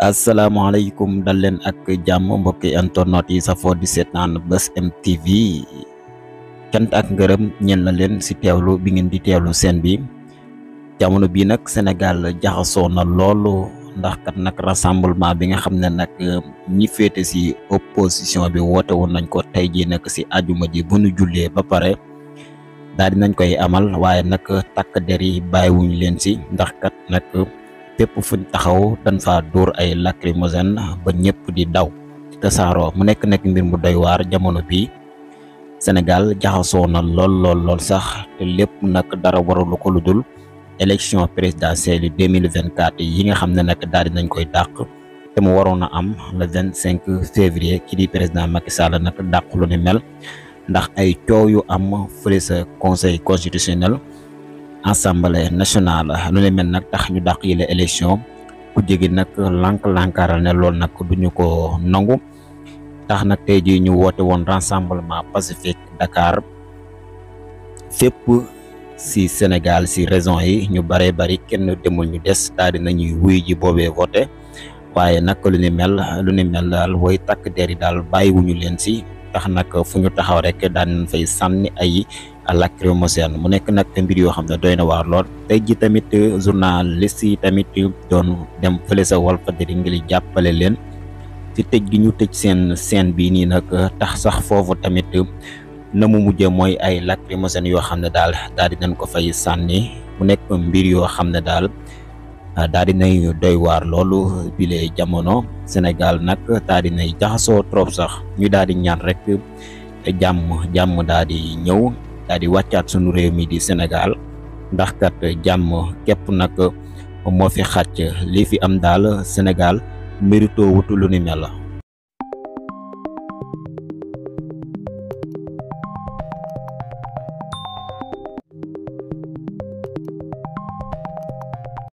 Assalamualaikum, dal leen ak jàmm mbokk internet yi sa fo 17 nan bus mtv cant ak ngeureum ñen la len ci tewlu bi ngeen di tewlu sen bi jamono bi nak senegal jaxaso na lolu ndax kat nak rassemblement bi nga xamne nak ñi fété ci opposition bi won nañ ko tay ji nak ci aduma ji bu nu ba paré daal dinañ koy amal waye nak tak der yi bàyyiwuñ leen ci ndax kat nak fépp fuñ taxaw dañ fa dóor ay lacrymogène ba ñëpp di daw tasaaroo mu nekk nekk mbir mu day waar jamono bi Sénégal jaxasoo na lool lool sax te lépp nag dara waralu ko lu dul élection présidentielle yi 2024 yi nga xam ne nag daal nañ koy dàq te mu waroon a am le 25 février ki di président Macky Sall nag dàq lu ni mel ndax ay coow yu am fële sa conseil constitutionnel. assemblée nationale lu ne mel nag tax ñu dàq yile élection ku jegi nag lànk-lànkaaral ne lool nag duñu ko nangu tax nag tey jii ñu woote woon rassemblement pacifique Dakar fépp si Sénégal si régions yi ñu bëree bari kenn demul ñu des daal di ñuy wuy ji boobee voté waaye nag lu ni mel lu ni mel daal woy takk der yi daal bàyyiwuñu leen si tax nag fu ñu taxaw rek daan nañ fay sànni ay lacrymogène mu nekk nag mbir yoo xam ne doy na waar lool tey ji tamit euh, journaliste yi tamit doon dem fële sa Walfadjri ngi li jàppale leen ci tëj gi ñu tëj seen seen bii nii nag euh, tax sax foofu tamit euh, na mu mujje mooy ay lacrymogène yoo xam ne daal daal di nañ ko fay sànni mu nekk mbir yoo xam ne daal daal di nay doy waar loolu bile jamono Sénégal nag daal di nay jaxasoo trop sax ñu daal di ñaan rek jàmm jàmm daal di ñëw daal di wàccaat sunu réew mi di Sénégal ndax kat jàmm képp nag moo fi xàcc li fi am daal Sénégal mérito wutu lu ni mel